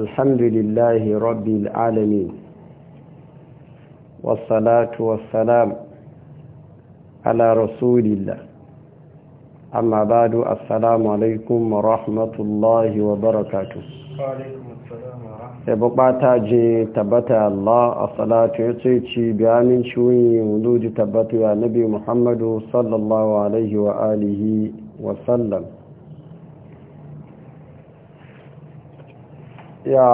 الحمد لله رب العالمين والصلاة والسلام على رسول الله wa بعد السلام عليكم ورحمة الله وبركاته sai bata je tabbata Allah a salatu ya ce ci biyanin shuyi wududu tabbata ya nabi Muhammadu sallallahu alaihi wa ya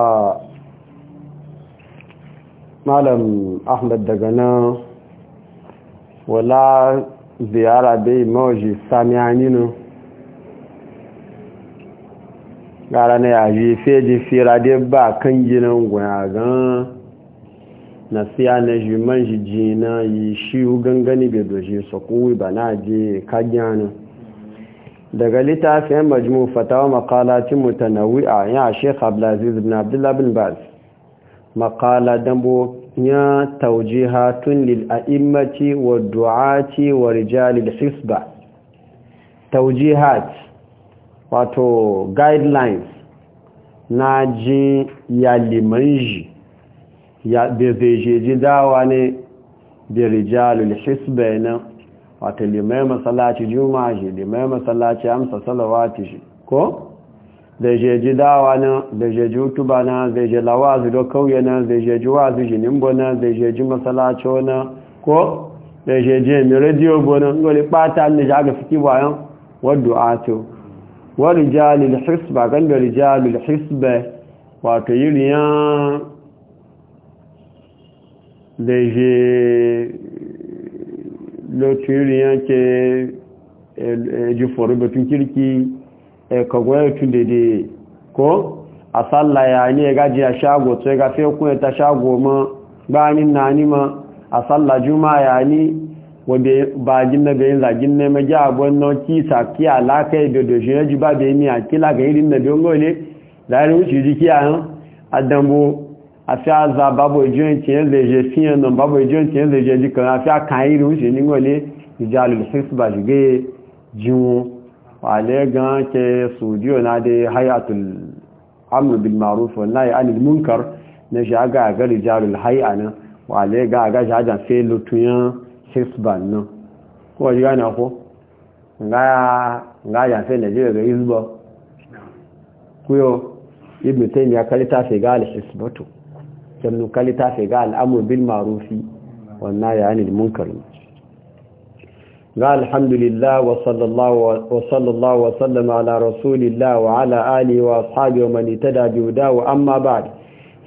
malam ahmad daga nan wala ziyara bai mawaji sami hannun gara na yaji feji fira dai ba kan ginin gwagan na siya na ji man shi jina yi shi gangani bai doji su ba na je kagyanin daga littafin majmu fatawa a yin a sheikh abdulaziz bin abdullah bin baz makala dambo ya taujihatun lil a'immati wa du'aci wa rijalil hisba taujihat wato guidelines na ji ya ji ya ji dawa ne da rijalil hisba yana. wata limai masallaci juma'a shi limai masallaci amsa salawati shi ko zai je ji dawa na zai je ji utuba na zai je lawazi do kauye na zai je ji wazi shi nimbo na zai je ji masalaci na ko zai je je mi radio gona ngoli pata ne shi aka fiki bayan waddu ato jali da hisba gan da rijalul hisba wato riyan zai je lotiri yanke ejiforu e, batun kirki e, kagwai tun dede ko a tsalla ya ni ya gaji a shago to ya gafe kuna ta shago ma ganin na ni ma a tsalla juma ya ni wadda ba gina da yin zagin ne ma ja abuwan na kisa ki alaka da doshi ya ji ba da ni a kila ga irin na biyan gole da yarin wuce jiki a yan adambo afi aza babo ijo tiye leje fiyan nan babo ijo tiye leje jikan afi akairi wuce ni wale ijalul hisba jige jiwo wale gan ke studio na de hayatul amr bil ma'ruf wal nahy anil munkar na jaga ga rijalul hay'a nan wale ga ga jaja fe lutuyan hisba nan ko ji gane ko nga nga ya fe ne je ga hisba kuyo ibn ya kalita fe ga al hisbatu sannu kalita fi ga al'amur bil marufi wannan ya ne munkar ga alhamdulillah wa sallallahu wa sallama ala rasulillah wa ala ali wa ashabi wa man itada bi hudahu amma ba'd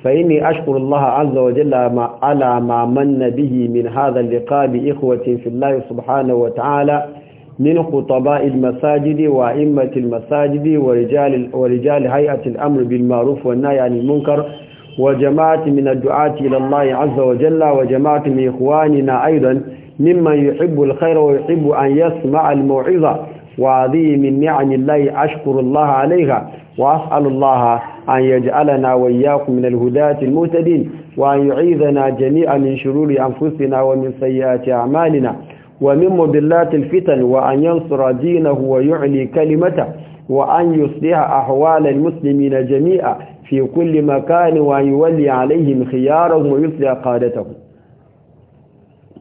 fa inni ashkuru Allah azza wa jalla ma ala ma manna bihi min hadha al-liqa bi ikhwati fillah subhanahu wa ta'ala من خطباء المساجد وأئمة المساجد ورجال, ورجال هيئة الأمر بالمعروف والنهي عن المنكر وجماعة من الدعاة إلى الله عز وجل وجماعة من إخواننا أيضا ممن يحب الخير ويحب أن يسمع الموعظة وهذه من نعم الله أشكر الله عليها وأسأل الله أن يجعلنا وإياكم من الهداة المهتدين وأن يعيذنا جميعا من شرور أنفسنا ومن سيئات أعمالنا ومن مضلات الفتن وأن ينصر دينه ويعلي كلمته وأن يصلح أحوال المسلمين جميعا في كل مكان ويولي عليهم خيارهم ويصلح قادتهم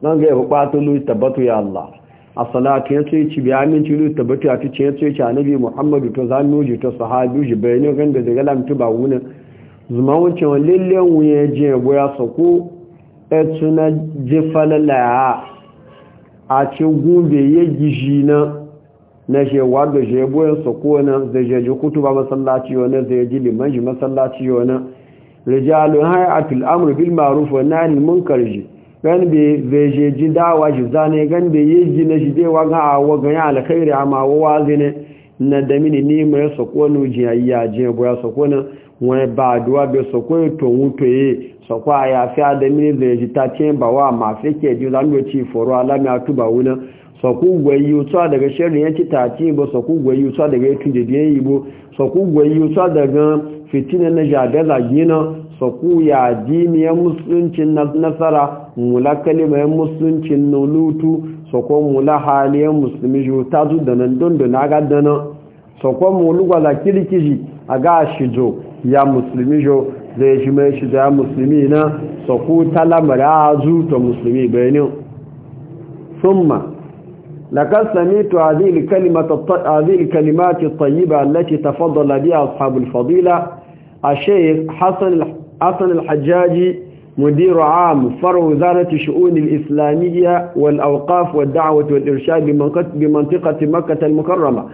nan ga bukatu lu tabbatu ya Allah as-salatu yace ci bi aminci lu tabbatu ya tuce yace ci annabi Muhammadu to zanuji to sahabi ji bayani kan da daga lamtu ba wuna zuma wuce wallen wuye je boya sako etuna je falala a ci gumbe ye gijina na je wanda je boyen ko na zai je ji kutuba masallaci wani zai ji liman ji masallaci wani rijalun hayatul amr bil ma'ruf wa nahy anil munkar ji gan be zai je ji dawa ji zane gan be yi na shi dai wa ga wa ga ya alkhairi amma wa wazine na da mini ni mai ko nu ji ayya je boya ko na wọn bá àdúwà bí sọ̀kọ́ ètò òun tó yé sọ̀kọ́ àyàfẹ́ adẹ́mílẹ̀ ìjìta tí ń bà wà máa fẹ́ kẹ̀dí lánàtí ìfọ̀rọ̀ alámi àtúbàwúná sọ̀kọ́ gwẹ̀yí otu àdàgẹ́ sẹ́rin yẹn títà ìbò sọ̀kọ́ gwẹ̀yí otu àdàgẹ́ tùjẹ̀dì nasara musulmi kirkiji a ga shijo يا مسلمي جو زي جميش زي مسلمينا سوكو musulmi na تو مسلمي بينيو ثم musulmi benin لقد سمعت هذه الكلمة هذه الكلمات الطيبة التي تفضل بها أصحاب الفضيلة الشيخ حسن حسن الحجاجي مدير عام فرع وزارة الشؤون الإسلامية والأوقاف والدعوة والإرشاد بمنطقة مكة المكرمة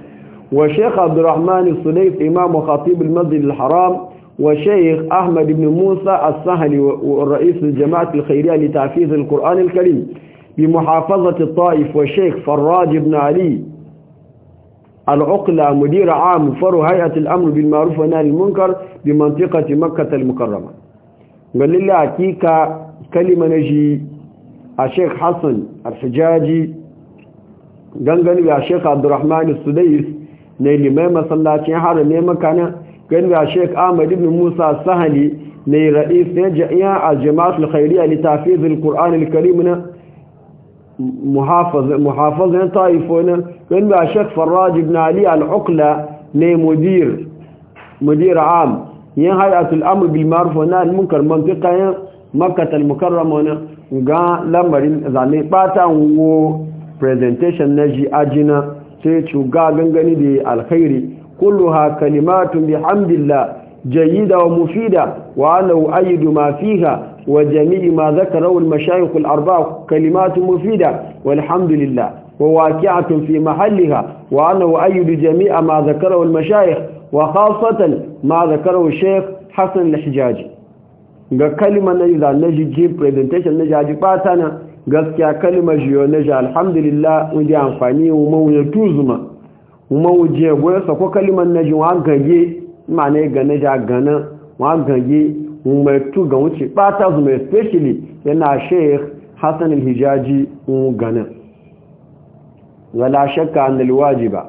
وشيخ عبد الرحمن السليف إمام وخطيب المسجد الحرام وشيخ أحمد بن موسى السهلي والرئيس الجماعة الخيرية لتعفيذ القرآن الكريم بمحافظة الطائف وشيخ فراج بن علي العقلة مدير عام فرع هيئة الأمر بالمعروف عن المنكر بمنطقة مكة المكرمة قال لله أكيك كلمة نجي الشيخ حسن الحجاجي قال لله الشيخ عبد الرحمن السديس na limai masallacin haramin makana gani ga sheik ahmad ibn musa sahali ne ra'is ne jami'a a jama'atul khairiyya li tafizil qur'an al-karim na muhafaza muhafaza taifo na gani ga sheik faraj ibn ali al-uqla ne mudir mudir am yan hayatul amr bil ma'ruf wa nahy munkar mantiqayan makkah al-mukarrama na ga lamarin zane bata wo presentation na ji ajina sai cuga gani da alkhairi kulluha kalimatun bihamdillah jayyida wa mufida wa ana uayidu ma fiha wa jami'i ma zakarahu al-mashayikh al-arba'a kalimatun mufida walhamdulillah wa waqi'atun fi mahalliha wa ana uayidu jami'a ma zakarahu al-mashayikh wa khasatan ma zakarahu al-shaykh Hassan al-Hijaji ga kalima na yi zanen presentation na jaji bata gaskiya kalimar jiyonage alhamdulillah wuje amfani mawuje tuzuma mawuje goya sako kalmar naji wa gage mana ya gane ja gane wa gage mai tu ga wuce bata zuma especially yana sheikh hassan alhijaji gane wala shakka annal wajiba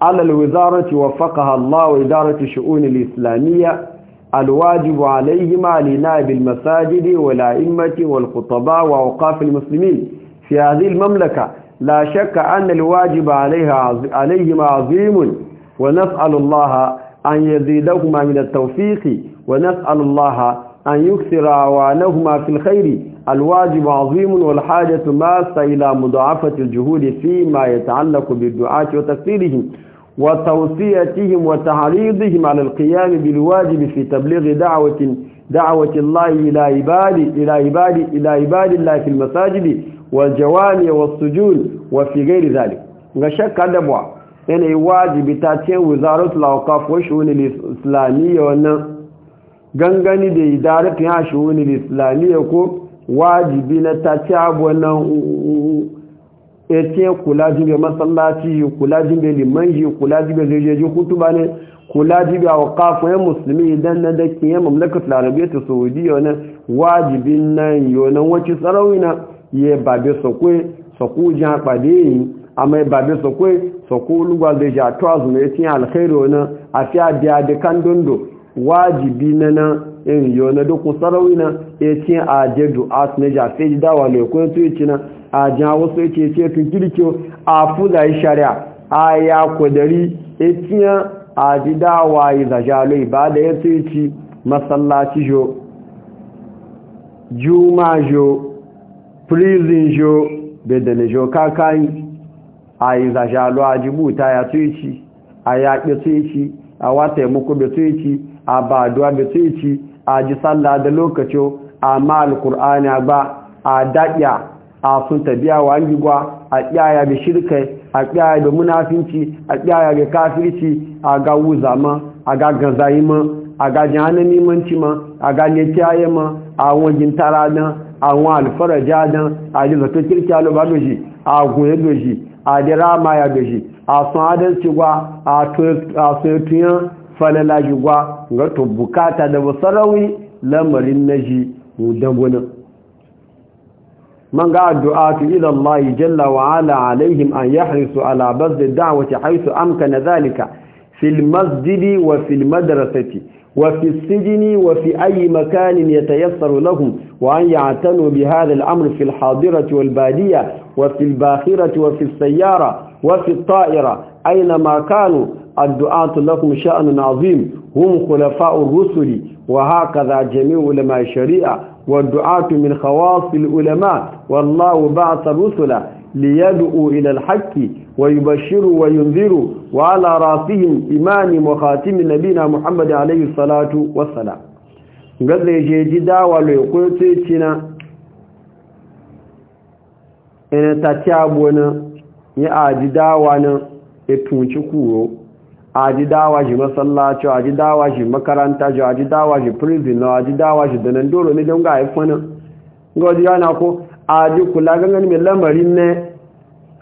ala alwizarati waffaqaha Allah wa idarati shu'un islamiyya الواجب عليهما لنائب المساجد والأئمة والخطباء وأوقاف المسلمين في هذه المملكة لا شك أن الواجب عليها عليهما عظيم ونسأل الله أن يزيدهما من التوفيق ونسأل الله أن يكثر أعوانهما في الخير الواجب عظيم والحاجة ماسة إلى مضاعفة الجهود فيما يتعلق بالدعاة وتكثيرهم وتوصيتهم وتعريضهم على القيام بالواجب في تبليغ دعوة دعوة الله إلى عباد إلى عباد إلى عباد الله في المساجد والجوامع والسجون وفي غير ذلك غشك دبوا يعني واجب تاتين وزارة الأوقاف والشؤون الإسلامية وأن gangani da idarar ya shi wani islamiyya ko wajibi na ta ci abu wannan ete kula jibe masallaci kula jibe limanji kula jibe zirjeji hutuba ne kula jibe a wakafin yan musulmi idan na da ke yan mamlakat larabiya ta saudiya na wajibin nan yonan wacce tsarauni na ya babe sakwe sako jan kpade yi amma ya babe sakwe sako lugwa zai ja to azumi ya tiyan alkhairu na a fiya biya da kan dondo wajibi na na yin yona dukkan tsarauni na ya tiyan a jedu as na jafe dawa ne kun tuyi na a jawo sai yake ce tun kirkiyo a fuza yi shari'a a ya kudari etiya a ji dawa yi zajalo ba da ya ce ci masallaci jo juma jo prison jo bedane jo kakan a yi zajalo a jibuta ya ce ci a yaƙi ce ci a wata yi muku bai ce ci a ba duwa bai ce ci a ji tsalla da lokaci amma alkur'ani ba a daɗya a sun tabiya wa angigwa a kyaya da shirka a kyaya da munafinci a kyaya da kafirci a ga ma a ga gazayi ma a ga jihannan manci ma a ga letiyaye ma a wajen tara dan a wa alfaraja dan a ji zato kirki a lobar doji a goye doji a da rama ya doji a sun adalci gwa a soyotuyan falala gwa ga to bukata da basarawi lamarin na ji mu dambunan من قال دعاه إلى الله جل وعلا عليهم أن يحرصوا على بذل الدعوة حيث أمكن ذلك في المسجد وفي المدرسة وفي السجن وفي أي مكان يتيسر لهم وأن يعتنوا بهذا الأمر في الحاضرة والبادية وفي الباخرة وفي السيارة وفي الطائرة أينما كانوا الدعاة لكم شأن عظيم هم خلفاء الرسل وهكذا جميع علماء الشريعة والدعاة من خواص العلماء والله بعث الرسل ليدعوا إلى الحق ويبشروا وينذروا وعلى راسهم إمام وخاتم نبينا محمد عليه الصلاة والسلام قد يجي دعوة لقوتنا إن تتعبنا يأجي دعوانا يتونش كورو aji dawa shi masallaci aji dawa shi makaranta shi aji dawa shi prison na aji dawa shi da doro ne don ga haifunan ga yana ko aji kula gangan mai lamarin ne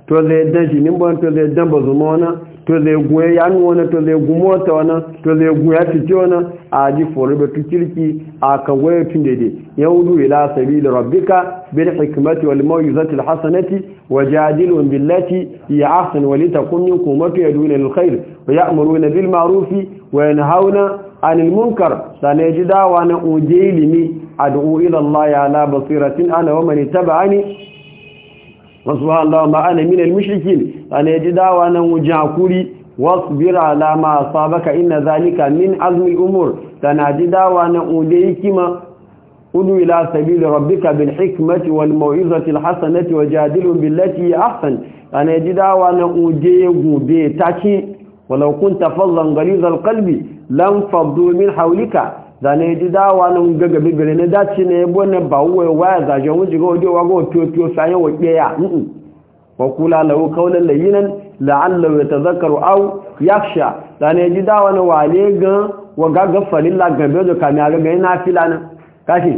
to zai dan shi nimbon to zai dan ba zuma to zai goye ya wani to zai gu ta wani to zai gu ya fice wani a ji foribatu kirki a kan goye tun daidai ya hudu ila sabi da rabbika bin hikimati wal mawuzatul hasanati wa jadilun billati ya ahsan wali takun minkum ma yaduna lil khair wa ya'muruna bil ma'rufi wa yanhauna anil munkar sanai ji dawa na uje ilimi ad'u ila allah ya ala basiratin ana wa man ittaba'ani wasu Allah ma ana min al-mushrikin ana yaji dawa nan wujin hakuri wasbir ala ma asabaka inna zalika min azmi al-umur tana ji dawa nan ude hikima udu ila sabili rabbika bil hikmati wal mau'izati al hasanati wajadilhum billati ahsan ana yaji dawa nan ude gube taci walau kunta fadlan ghaliz al-qalbi lam faddu min hawlika zane ji wa nun gaga bibire ne dace ne ne ba wuwa waya zaje mun jiga wode wa go to to saye wa kiya wa kula lahu qawlan layyinan la'allahu yatadhakkaru aw yakhsha zane ji wa ne wale ga wa ga gafalin ga be do kami aga ga na filana kashi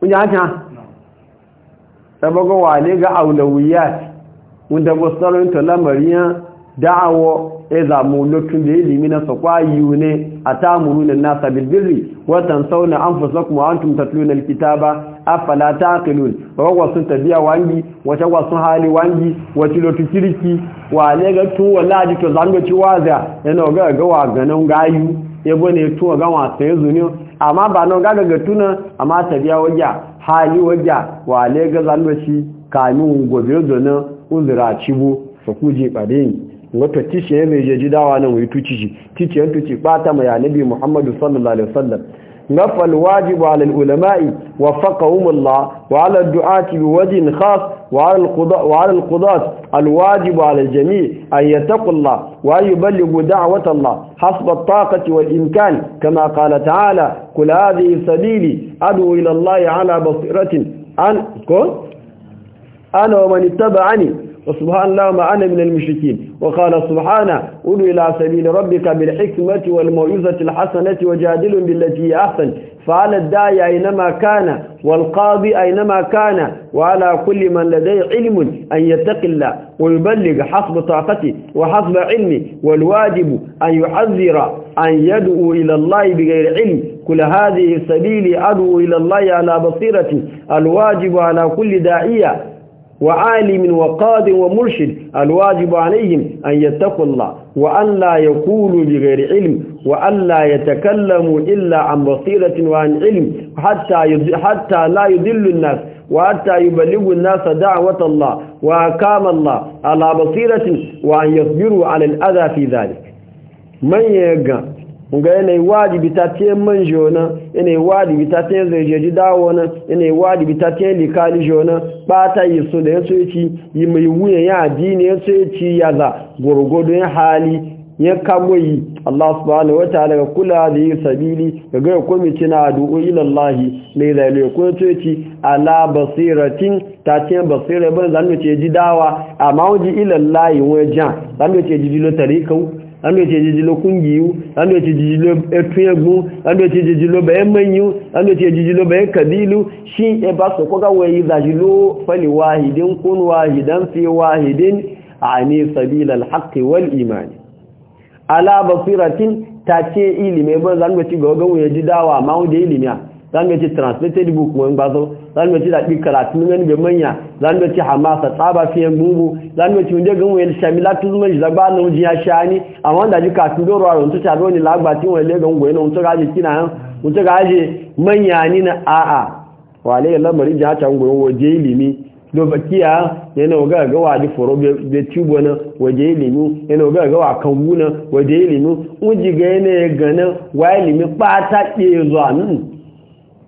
kun ya ta sabago wale ga aulawiyat da wasalun to lamariya da'awo ya zamu lokacin da ya limi na sakwayi ne a tamuru da nasa bilbirri watan sauna an fusa kuma an tumta tunan kitaba afala ta kilun wagwa sun tabiya wangi wa wata wasu hali wangi wata lotu kirki wa ne ga tuwa ladi to zango ci waza yana ga ga wa ganin gayu ya bane tuwa ga wasa ya zuni amma ba nan ga ga tuna amma tabiya wajja hali wajja wa ne ga zango ci kamin gobe zonin uzura cibo su kuje ɓarin wato tishiye mai jeji dawa nan wai tuci shi tishiyen tuci bata mai annabi muhammadu sallallahu alaihi wasallam نفى الواجب على العلماء وفقهم الله وعلى الدعاة بوجه خاص وعلى القضاء وعلى القضاة الواجب على الجميع أن يتقوا الله وأن يبلغوا دعوة الله حسب الطاقة والإمكان كما قال تعالى قل هذه سبيلي أدعو إلى الله على بصيرة أن أنا ومن اتبعني وسبحان الله ما أنا من المشركين وقال سبحانه قل إلى سبيل ربك بالحكمة والموعظة الحسنة وجادل بالتي أحسن فعلى الداعي أينما كان والقاضي أينما كان وعلى كل من لديه علم أن يتقي الله ويبلغ حسب طاقته وحسب علمه والواجب أن يحذر أن يدعو إلى الله بغير علم كل هذه السبيل أدعو إلى الله على بصيرة الواجب على كل داعية وعالم وقاد ومرشد الواجب عليهم أن يتقوا الله وأن لا يقولوا بغير علم وأن لا يتكلموا إلا عن بصيرة وعن علم حتى, حتى لا يضل الناس وحتى يبلغوا الناس دعوة الله وأكام الله على بصيرة وأن يصبروا على الأذى في ذلك من يقام Nga yanayi wajibi ta te man jona yanayi wajibi ta te zaijeji e dawo na yanayi wajibi ta te likali jona bata yi so da e ya e soci yi mai wuya ya addini ya soci ya za gwargwadon hali ya kagoyi Allah subhanahu wataala ga kula da yi sabili ga gaya kwamiti na addu'o ilallahi mai zailu ko ci ala basiratin ta te basira ban zanu ce ji dawa amma wuji ilallahi wajen zanu ce ji dilo tarikau ando ti jijilo kungiyu ando ti jijilo etuyegun ando ti jijilo be menyu ando ti jijilo be kabilu shi e ba so ko ga we jijilo fali wahidin kun wahidan fi wahidin ani sabil al wal iman ala basiratin tace ilimi ban zan ci ga ga we ji dawa ma zanga ci translated book mun bazo zanga ci da bi karatu nan be manya zanga ci hamasa tsaba fiye gungu zanga ci unde gun wel shamila tuzuma ji zaba no ji shani a da ji kafin do ruwa on to ta do ni lagba wani lega le gungu ina on to gaji kina on to gaji manya ni na a a wale lamari ji ha can gungu waje ilimi do bakiya yana ga ga waji foro be tubo na waje ilimi yana ga ga wa kan na waje ilimi unji ga yana ya gana wa ilimi pata ke zo amin hmm.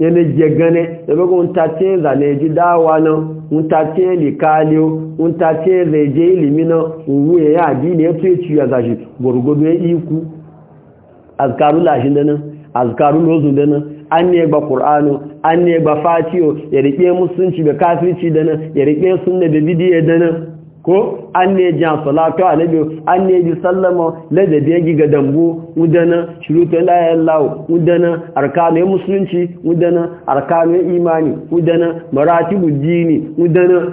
yana jegane da bugu ntace zane ji dawa nan ntace likaliyo ntace zaije ilimi nan uwe ya addini ya tuye ciyo zashi gwargwado ya iku azkaru lashin da nan azkaru lozu da nan an ne ba qur'anu an ne ba fatiyo ya rike musulunci da kafirci da nan ya rike sunna da bidiye da nan ko an ne ji salatu alabi an ne ji sallama ladabi gi ga dambu udana shuruta la lawo udana arkanul musulunci udana arkanul imani udana maratibu dini udana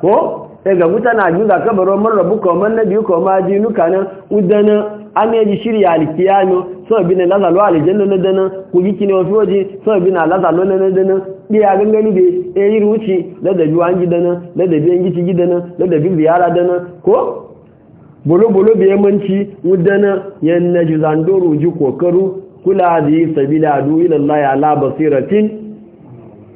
ko daga e mutana juza kabaro man rabbuka man nabiyuka ma dinuka nan udana an ne ji shirya alkiyano so bin lazalu aljanna dana ku yiki ne wafi waje so na lazalu dana ɗaya gangani da ya yi ruci ladabi an gida nan ladabi biyan gici gida nan ladabi ziyara da nan ko bolo-bolo bai yamanci wadda nan na ji zandoro ji kokaru kula da yi sabila du ilallah ya la basiratin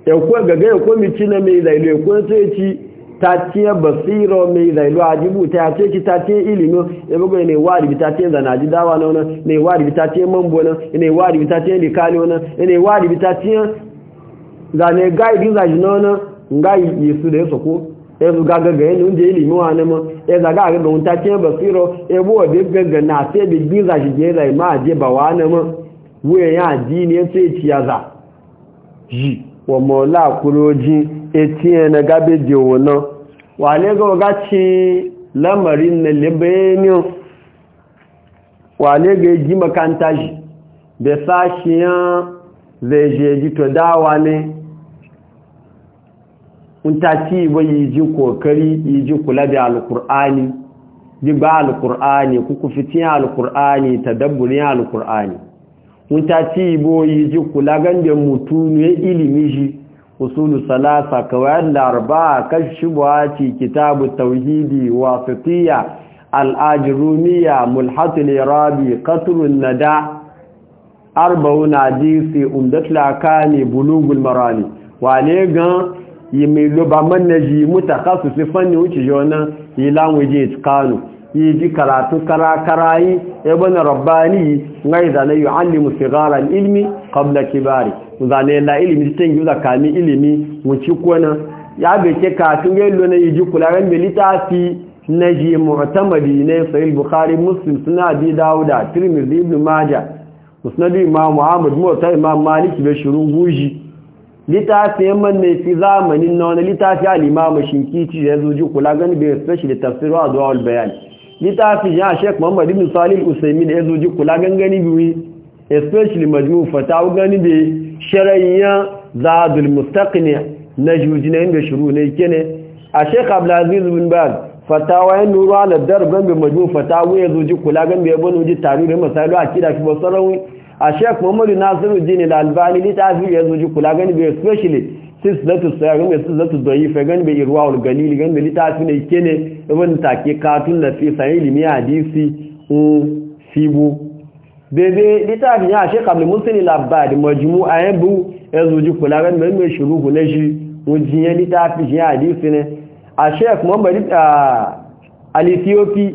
ya kuwa gaga ya kuwa mici na mai zailu ya kuwa sai ci ta ciye basira mai zailu a jibu ta ce ki ta ce ilimi ya bugu ne wa ribi ta zana, ji dawa na wani ne wa ribi ta ciye mambo na ne wa ribi ta ciye likali na ne wa ribi ta ciye ga zane gai din zaji nono ngai yesu da yeso ko ezu gaga ga enu je ilimi wa ne mo e za ga ga unta ke basiro e bo de ga na se bi din zaji je zai ma je ba wa ne mo we ya ji ne se ti yaza ji o mo la kuroji etien na gabe je wo no wa le go ga chi lamarin ne lebenio wa le ga ji makanta ji be sashiyan zai je ji to dawa ne in ta ci ba yi ji kokari yi ji kula da alkur'ani gbígbá alkur'ani kúkú fitin alkur'ani tadabburin alkur'ani in ta ci bo yi ji kula ga da ne ilimi shi usulu salasa kawai larba kashibuwa ci kitabu tauhidi wa fitiya al'ajirumiya mulhatul irabi katurun nada arba'un hadisi umdatla kani bulugul marani ne gan mai loba manna ji mutaka su su fanni wuce jona yi lanwe je kano yi ji karatu karakarayi ya bane rabbani ngai zane yi alimu sigaran ilmi kabla kibari zane la ilimi ta yi zakami ilimi wuce kona ya beke katun yallo na yi ji kularen militafi na ji mu'tamadi ne sahih bukhari muslim suna bi dauda tirmidhi ibn majah musnad imam ahmad mu'tay imam malik be guji littafin man ne fi zamanin na wani littafi al'imama shinkici da ya zuji kula gani bai sashi da tafsiru a zuwa albayani littafin ya shek muhammad ibn salil usaimi da ya zuji kula gangani biyu especially majmu fatawu gani bai sharayya zadul ne na yin da shiru ne kene a shek abdulaziz bin baz fatawa ya nuru ala darban bai majmu fatawu ya zuji kula gani bai bani wuji tarihi masalu a kida fi basarar a sheik muhammadu nasiru jini lalbani littafi ya zuji kula gani bai especially sislatu sayar mai sislatu doyi fa gani bai irwa ul galili gani bai littafi ne ke ne ibn take katun na fi sayi ilimi hadisi un sibu daidai littafi ya sheik abdul musulmi labari a ya bu ya zuji kula gani bai mai shuruhu na shi wajen littafi shi hadisi ne a sheik muhammadu al-ethiopi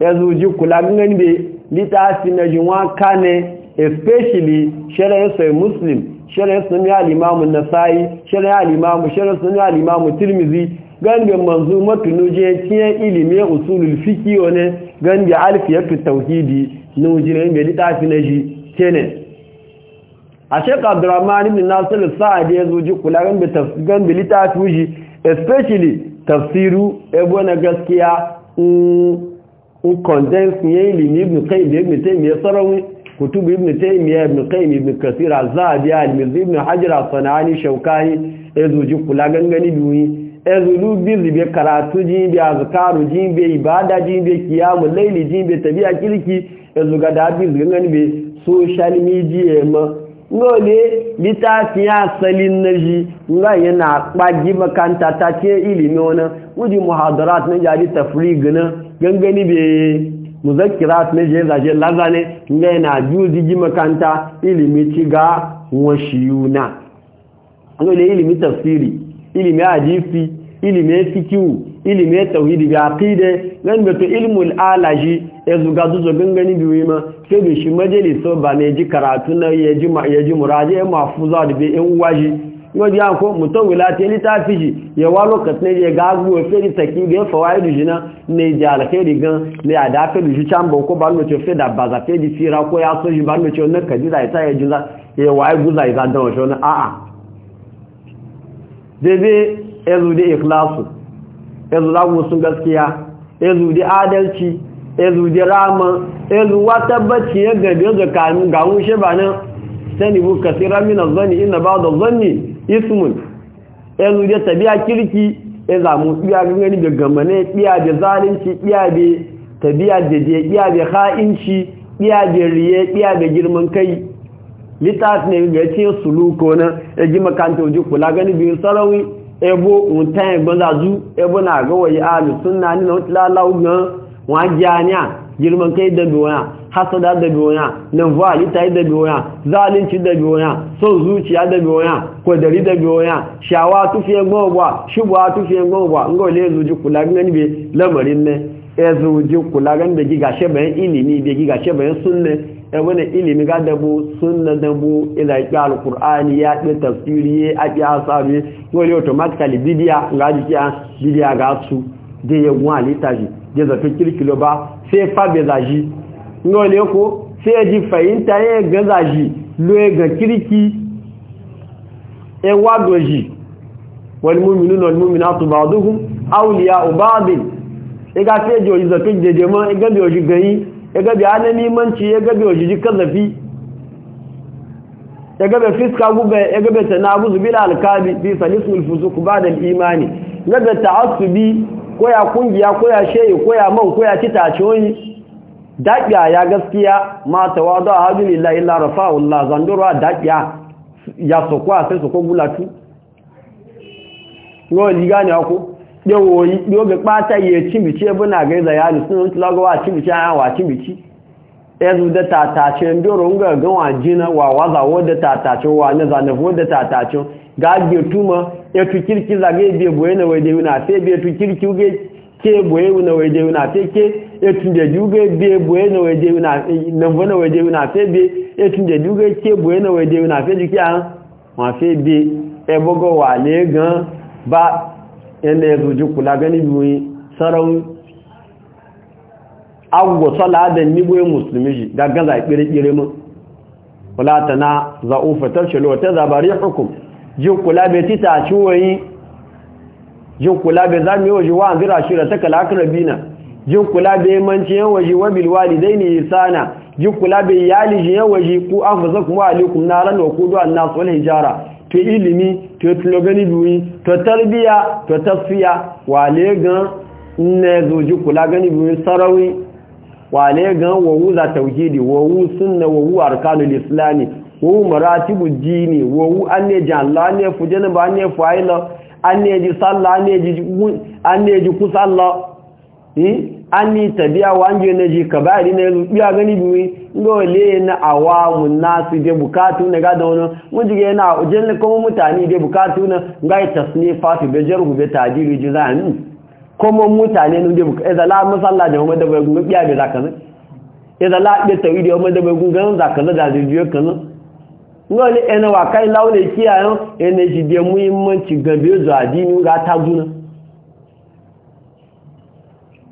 ya zuji kula gani bai littafi na jinwa kane especially shari'ar sai muslim shari'ar sunan ya limamu nasai shari'ar limamu shari'ar sunan ya limamu tirmizi gangan manzu matunuje kiyan ilimi usulul fiqi ne gangan alfiyatu tauhidi nujire mai litafi na ji kenan a shek abdurrahman ibn nasir sa'ad yazo ji kula gangan tafsigan litafi shi especially tafsiru ebo na gaskiya un condense yayin ilimi ibn qayyim ibn taymiyyah sarawi كتب ابن تيمية ابن قيم ابن كثير الزابي المزي ابن حجر الصنعاني شوكاهي إذو جيب قلاغن غنبيوي إذو لو بيزي بكراتو جين بأذكار جين بإبادة جين بكيام الليل جين بتبيع كيلكي إذو قد بيزي غنبي سوشال ميديا ما ngole litafi ya salin naji nga yana kwaji makanta ta ce ilimi wani wuji muhadarat na jari tafri gina gangani bai muzakkirat ne je zaje lazane nga yana juji ji makanta ilimi ci ga washiyuna ngole ilimi tafsiri ilimi hadisi ilimi fikihu ilimi tauhidi ga aqide nan beto ilmul alaji yanzu ga zuzo gangani biyu ma sai bi shi majalisa ba ne ji karatu na yaji yaji muraje mafuza da bi in waji yau ya ko mutum wilata littafi shi ya wa lokacin ya gagu ya feri taki ga yin fawaye da jina ne ji alkhairi gan ne a dafe da shi can ba ko ba nuna ce da ba zafe da fira ko ya so shi ba nuna ce wannan kaji za ta yi guza wani a'a ya gaskiya adalci wata sani kasira min azani ba ismun ya zuriya tabiya kirki ya e zamu tsiya gangani da gamane tsiya da zalunci tsiya da tabiya da je da ha'inci tsiya da riye da girman kai litas ne ga ce suluko na ya ji makanta kula gani biyu sarawi ebo mutan ya gbanza zu na ga wayi alu sunna ni na wutila lawu gan girman kai da wani. hasada daga wuya, nan valita daga wuya, zalinci daga wuya, son zuciya daga wuya, kwadari daga wuya, shawa tufiye gbogbo, shubu a tufiye gogwa ngole zuji kula gani be lamarin ne e zuji kula gani be giga shebayen ilimi be giga shebayen sunne e wani ilimi ga dabu sunne dabu ila e ki alqur'ani ya ɗi tafsiri a ki asabi ngole automatically bidiya ga jiya bidiya ga su je yegun alitaji je zafi kirkilo ba sai fa be zaji ne ko sai fahimta ya gaza shi lo ga kirki ya e wado shi wal mu'minun wal mu'minatu ba'duhum awliya'u ba'd iga e sai jo yi zakin jeje ma iga e bi oji gani iga bi anani manci iga bi oji bi fiska gube iga bi tanabuzu alkabi bi salisul imani iga bi koya kungiya koya sheyi koya man koya daƙiya ya gaskiya ma tawadu a hajji illa illa rafa'u Allah zandurwa daƙiya ya sokuwa sai sokwa gulatu yau liga ne ako yau ga ɓata ya cimice buna gaiza ya ne sun tulagowa a yawa cimici ya zu da tatace ndoro nga gawa jina wa waza wadda tatace wa na zanafi da tatace ga ge tuma ya tu kirki biye boye na wai da yuna biye tu kirki ke boye na wai etun da juga be boye na waje na nan bona waje na fe be etun da juga ke boye na waje na fe jiki an ma fe be e bogo wa le gan ba ene ruju kula gani bi sarau agwo sala da ni boye muslimi shi daga za kire kire mu wala tana za'ufa tafshalu wa tazabarihukum jin kula be tita ciwoyi jin kula be zamiyo ji wa an zira shi da takalakar bina jin kula da yammanci yan waje wa bil ne sana jin kula da iyali yan waje ku kuma alikun na ran wa kudu an nasu wani hijara ta ilimi ta tulogani duyi ta tarbiya ta tafiya wale gan ne zoji kula gani biyu sarawi wale gan wawu za ta tauhidi wawu suna wawu a arkanul islami wawu maratibu dini wawu an anne janla ne fujana ba ne anne an ne ji sallah an ne ji kusa allah Eh? an ni tabiya wanje na ji ka bari na yanzu biya gani biwi dole na awamu nasu da bukatu na gada wani wajen yana ujin kuma mutane da bukatu na gai tasnifa su bai jarhu bai tajiri ji za kuma mutane na da bukatu izala e masalla da wani da bai gungun biya bai zaka zai izala e da tawi da wani da bai gungun zaka zai da zai e kaza dole yana wa kai laune kiyayen yana shi da muhimmanci gabe zuwa dini ga ta guna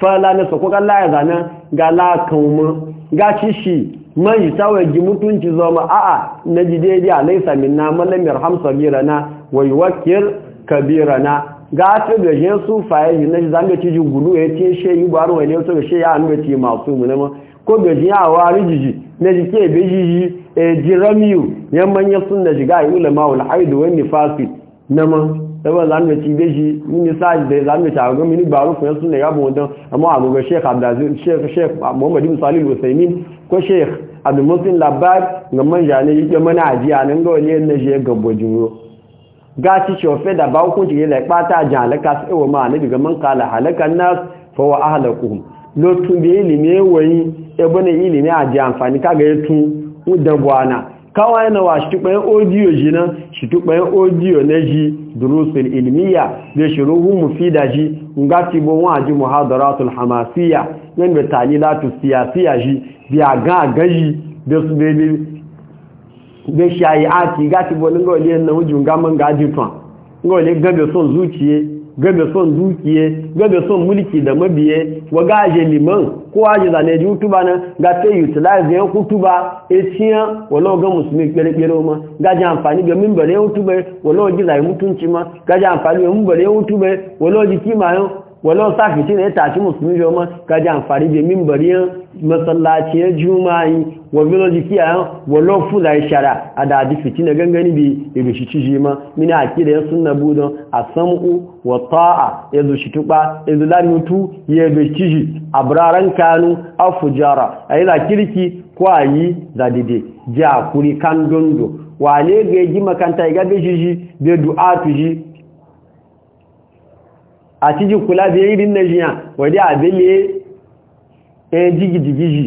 fala ko sako kalla ya zana ga la ga shi man yi tawaye ji mutunci zama a'a na ji daidai a laisa minna malamiyar hamsa birana wa wakil kabirana ga ta ga jesu faye yi na shi zane ci ji gudu ya ce shi yi baro wani yau ga shi ya hannu ci masu mu nema ko ga ji a wari jiji na ji ke bi jiji e jiramiyu yamman manya sun da shiga a yi ulama wani haidu wani fasit nama saboda zamu ci da shi mini sai da zamu ci a ga mini baro ko sun da gabo wannan amma a ga Sheikh Abdulaziz Sheikh Sheikh Muhammad ko Sheikh Abdul Musin ga manja ne yake mana ajiya nan ga wani ne shi gabo juro ga ci shofe da ba hukunci ne lai bata jalaka sai wa ma nabi ga man kala halakan nas fa wa lotun ilimi wayi ebone ilimi ajiya amfani kaga yatu da gwana. kawai na wa shitubayen audio ji nan shitubayen odiyo na ji durusul ilmiya da shiruhun mufida ji nga ti bo wa ji muhadaratul hamasiya nan da talilatu siyasiya ji biya ga gaji da su bebe da shayi ati ga ti bo nga wale na wujun ga man gaji tun nga wale gabe son zuciye gabe son dukiye gaga son mulki da mabiye wa gaje liman ko aje zane ne hutuba na ga sai utilize yan hutuba etiyan wala ga musulmi kere kere ma gaje amfani ga minbare hutuba wala ji zai mutunci ma gaje amfani ga minbare hutuba wala ji kima walau sakiti na ya tashi musulmi yau ma ji amfani da mimbariyar ma juma'i wa biloji kiyayen walau fula shara a da adi fiti na gangani bi ya bishi ciji ma mini a da ya suna budon a sam'u wa ta'a ya shi tuba ya lari mutu ya bishi ciji a buraren kanu a fujara a yi kirki ko a yi za dide ja kuri kan dondo wane ga yi makanta ya gabe shi shi bai du'a tuji àti jí kula bí i rí nàíjíríà wọ̀dí àbílẹ̀ ẹjígìdìgìjì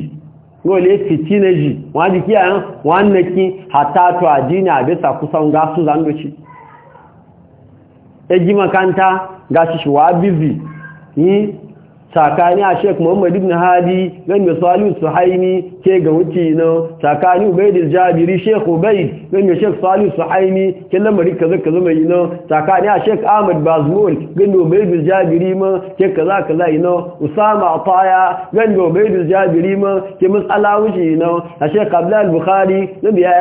yóò lè na nàíjí wọ́n jí kí àyán wọ́n nẹ́kí àtàtò àdínà àbẹ́sà kúsà ń gásù zandoci ẹjí makanta ga ṣiṣi wà bíbì yí tsakani a sheik muhammad ibn hadi gami salu suhaimi ke ga wuce na tsakani ubaidil jabiri sheik ubaid gami sheik salu suhaimi ke lamari kaza kaza mai yi na tsakani a sheik ahmad bazmul gami ubaidil jabiri ma ke kaza kaza yi na usama ataya gami ubaidil jabiri ma ke matsala wuce yi na a sheik abdul bukhari gami ya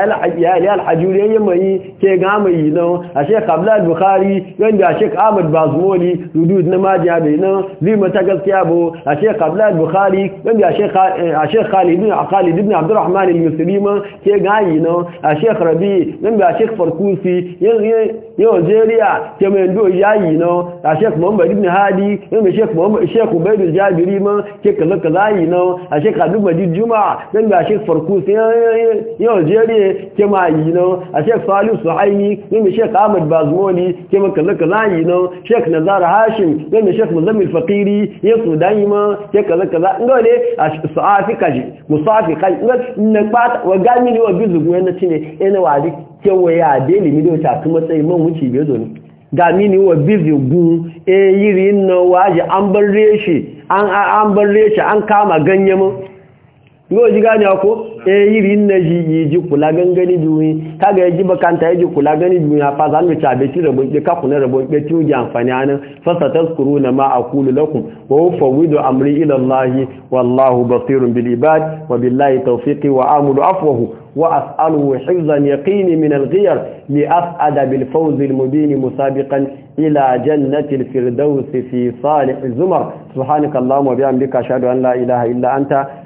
yi alhajuri ya yi mai ke ga mai yi na a sheik abdul bukhari gami a sheik ahmad bazmoli rudud na majiya bai na zai mata gaskiya abu a sheikh abdullahi bukhari wanda a sheikh khalid ibn abdurrahman al-musulmi ma ke gayi na a sheikh rabi wanda a sheikh farkusi yin algeria ke mai ndo yayi na a sheikh muhammad ibn hadi wanda sheikh ubaidul jabiri ma ke kaza kaza yi na a sheikh abdul majid juma wanda a sheikh farkusi yin algeria ke ma yi na a sheikh salihu suhaimi wanda sheikh ahmad bazmoni ke ma kaza kaza yi na sheikh nazar hashim wanda sheikh muzammil faqiri yin su dan ya kaza kaza inda ne a sa'afi kaji musafi kai inda ne kwata wa gami ne wa bizu go na tine ene wa di kewa ya de limi do ta kuma sai man wuce be zo ne gami ne wa bizu gu e yiri na waje an barre shi an an barre shi an kama ganye mu Eh, yau ji gani ako e yirin na ji ji kula gangani juyi ta ya ji kula gani juyi a fasa an mace abeci rabon ɗe kaku na rabon ɗe ci amfani anan fasa ta skuru na ma a kulu lakun wa wufa wido amri ilallahi wallahu basirun bilibad wa billahi tawfiqi wa amudu afwahu wa as'alu hizan yaqini mi as ada as'ada bil fawz al mubin musabiqan ila jannati al firdaus fi salih zumar subhanaka wa bihamdika ashhadu an la ilaha illa anta